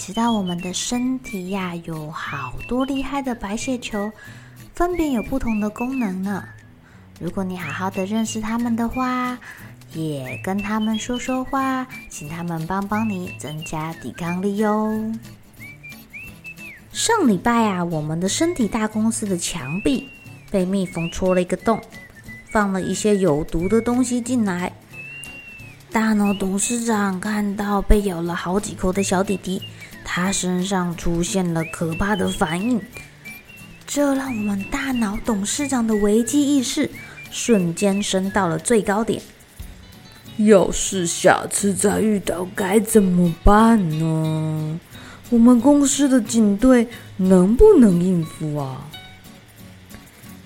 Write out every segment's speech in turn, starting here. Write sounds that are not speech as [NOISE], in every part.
其他，我們的身體呀，有好多厲害的白血球，分別有不同的功能呢。如果你好好的認識他們的話，也跟他們說說話，請他們幫幫你增加抵抗力喲。上禮拜啊，我們的身體大公司的牆壁被蜜蜂戳了一個洞，放了一些有毒的東西進來。大腦董事長看到被咬了好幾口的小弟弟。他身上出現了可怕的反應，這讓我們大腦董事長的危機意識瞬間升到了最高點。要是下次再遇到該怎麼辦呢？我們公司的警隊能不能應付啊？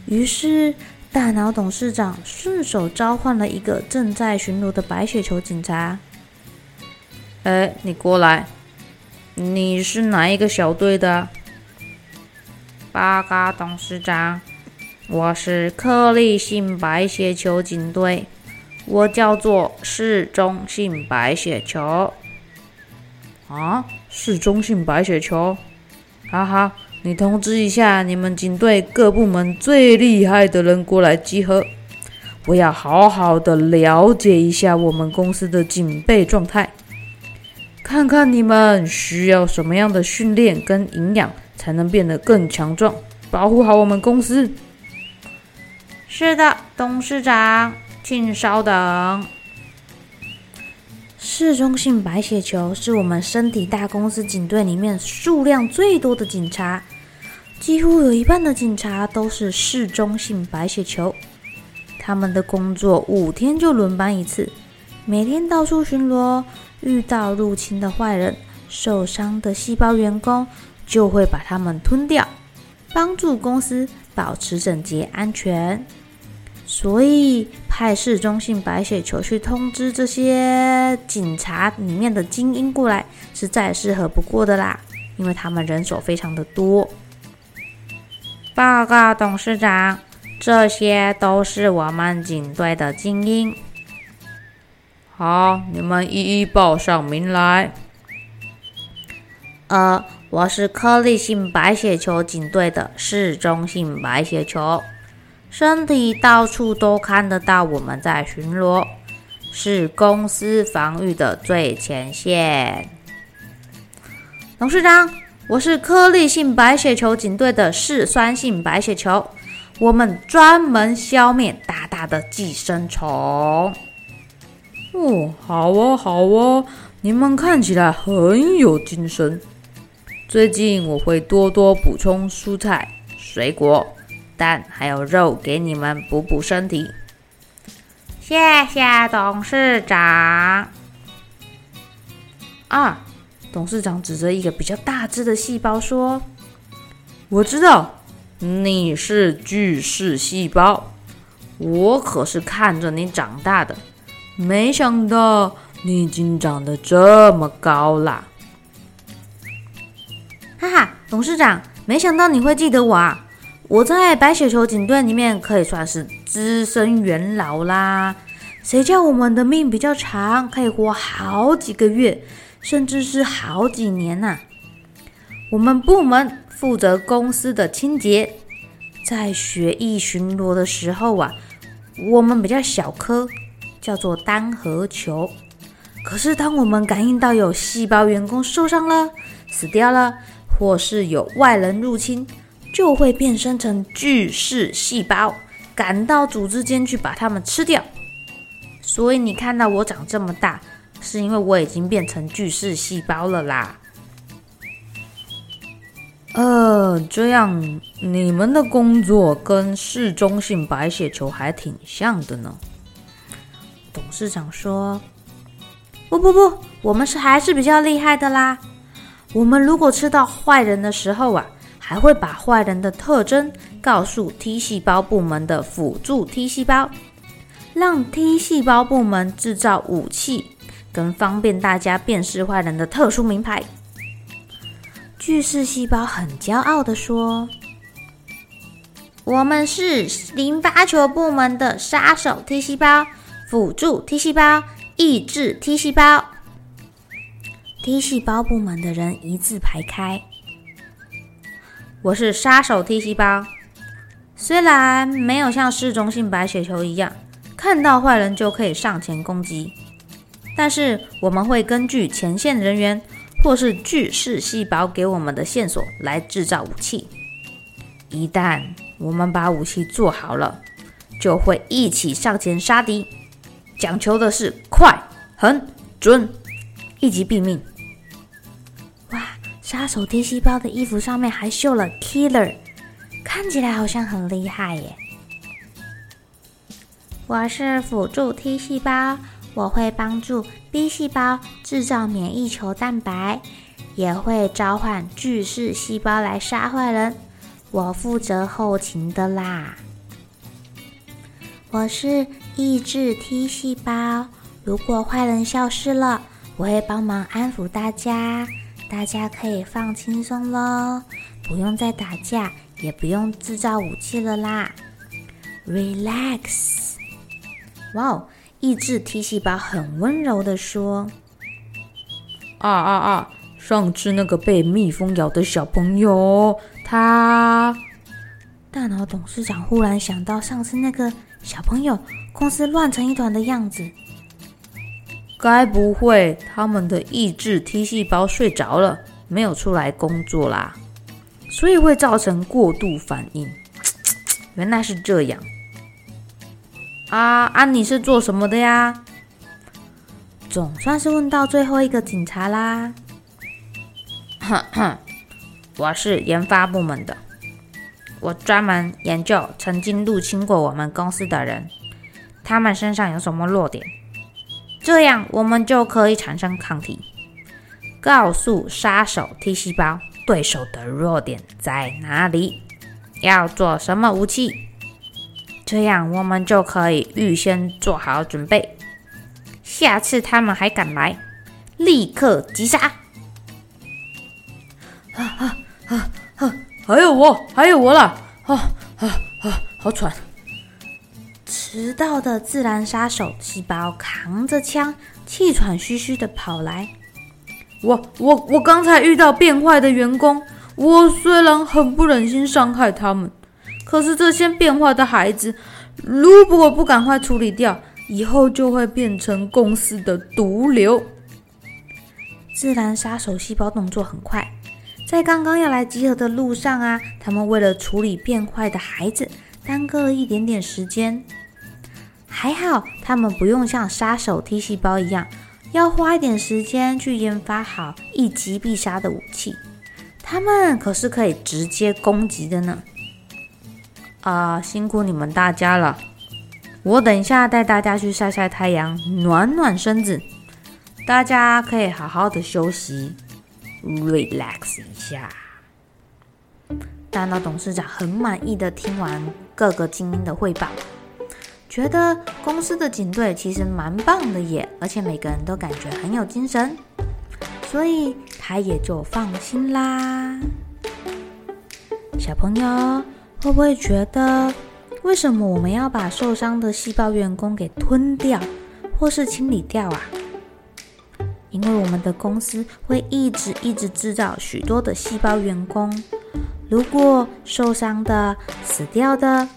於是，大腦董事長順手召喚了一個正在巡邏的白雪球警察。哎，你過來。你是哪一個小隊的？巴嘎，董事長，我是顆粒性白血球警隊，我叫做嗜中性白血球。啊，嗜中性白血球，好好，你通知一下你們警隊各部門最厲害的人過來集合，我要好好的了解一下我們公司的警備狀態。看看你們需要什麼樣的訓練跟營養，才能變得更強壯，保護好我們公司。是的，董事長，請稍等。嗜中性白血球是我們身體大公司警隊裡面數量最多的警察，幾乎有一半的警察都是嗜中性白血球。他們的工作五天就輪班一次。每天到處巡邏，遇到入侵的壞人、受傷的細胞員工，就會把他們吞掉，幫助公司保持整潔安全。所以派嗜中性白血球去通知這些警察裡面的精英過來，是再適合不過的啦，因為他們人手非常的多。報告董事長，這些都是我們警隊的精英。好，你們一一報上名來。呃，我是顆粒性白血球警隊的嗜中性白血球，身體到處都看得到，我們在巡邏，是公司防禦的最前線。董事長，我是顆粒性白血球警隊的嗜酸性白血球，我們專門消滅大大的寄生蟲。哦，好哦好哦，你們看起來很有精神。最近我會多多補充蔬菜、水果、蛋還有肉，給你們補補身體。謝謝董事長。二、啊、董事長指着一個比較大隻的細胞說：“我知道，你是巨噬細胞，我可是看着你長大的。”沒想到你已經長得這麼高啦！哈哈，董事長，沒想到你會記得我啊！我在白血球警隊裡面可以算是資深元老啦。誰叫我們的命比較長，可以活好幾個月，甚至是好幾年呢？啊？我們部門負責公司的清潔，在血液巡邏的時候啊，我們比較小顆。叫做單核球，可是當我們感應到有細胞員工受傷了、死掉了，或是有外人入侵，就會變身成巨噬細胞，趕到組織間去把他們吃掉。所以你看到我長這麼大，是因為我已經變成巨噬細胞了啦。呃，這樣你們的工作跟嗜中性白血球還挺像的呢。董事長說：“不不不，我們是還是比較厲害的啦。我們如果吃到壞人的時候啊，還會把壞人的特徵告訴 T 細胞部門的輔助 T 細胞，讓 T 細胞部門製造武器跟方便大家辨識壞人的特殊名牌。”巨噬細胞很驕傲的說：“我們是淋巴球部門的殺手 T 細胞。”輔助 T 細胞、抑制 T 細胞、T 細胞部門的人一字排開。我是殺手 T 細胞，雖然沒有像嗜中性白血球一樣看到壞人就可以上前攻擊，但是我們會根據前線人員或是巨噬細胞給我們的線索來制造武器。一旦我們把武器做好了，就會一起上前殺敵。講求的是快、狠、準，一擊斃命。哇，殺手 T 細胞的衣服上面還繡了 “Killer”，看起來好像很厲害耶。我是輔助 T 細胞，我會幫助 B 細胞制造免疫球蛋白，也會召喚巨噬細胞來殺壞人。我負責後勤的啦。我是抑制 T 細胞，如果壞人消失了，我會幫忙安撫大家，大家可以放輕鬆嘍，不用再打架，也不用製造武器了啦。Relax！哇哦，抑制 T 細胞很溫柔地說。啊啊啊！上次那個被蜜蜂咬的小朋友，他……大腦董事長忽然想到上次那個。小朋友，公司亂成一團的樣子，該不會他們的抑制 T 細胞睡着了，沒有出來工作啦，所以會造成過度反應。嘖嘖嘖，原來是這樣。啊，安妮是做什麼的呀？總算是問到最後一個警察啦。 [COUGHS] 我是研發部門的。我專門研究曾經入侵過我們公司的人，他們身上有什麼弱點？這樣我們就可以產生抗體，告訴殺手 T 細胞對手的弱點在哪裡，要做什麼武器？這樣我們就可以預先做好準備。下次他們還敢來，立刻擊殺！啊啊啊還有我，還有我啦，啊啊啊！好喘。遲到的自然殺手細胞扛着槍，氣喘吁吁的跑來。我我我剛才遇到變壞的員工，我雖然很不忍心傷害他們，可是這些變壞的孩子，如果不趕快處理掉，以後就會變成公司的毒瘤。自然殺手細胞動作很快。在剛剛要來集合的路上啊，他們為了處理變壞的孩子，耽擱了一點點時間。還好，他們不用像殺手 T 細胞一樣，要花一點時間去研發好一擊必殺的武器。他們可是可以直接攻擊的呢。啊、呃，辛苦你們大家了，我等一下帶大家去曬曬太陽，暖暖身子，大家可以好好的休息。Relax 一下。大腦董事長很滿意地聽完各個精英的匯報，覺得公司的警隊其實蠻棒的耶，而且每個人都感覺很有精神，所以他也就放心啦。小朋友，會不會覺得為什麼我們要把受傷的細胞員工給吞掉，或是清理掉啊？因為我們的公司會一直一直製造許多的細胞員工，如果受傷的、死掉的，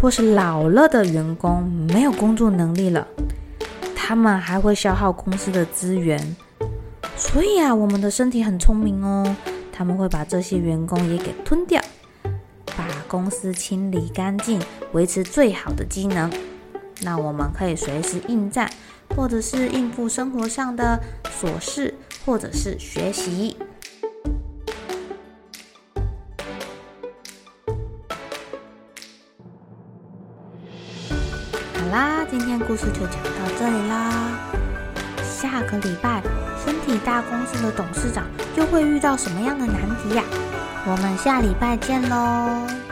或是老了的員工沒有工作能力了，他們還會消耗公司的資源。所以啊，我們的身體很聰明哦，他們會把這些員工也給吞掉，把公司清理乾淨，維持最好的機能，那我們可以隨時應戰。或者是應付生活上的瑣事，或者是學習。好啦，今天故事就講到這裡啦。下個禮拜，身體大公司的董事長又會遇到什麼樣的難題呀、啊？我們下禮拜見嘍！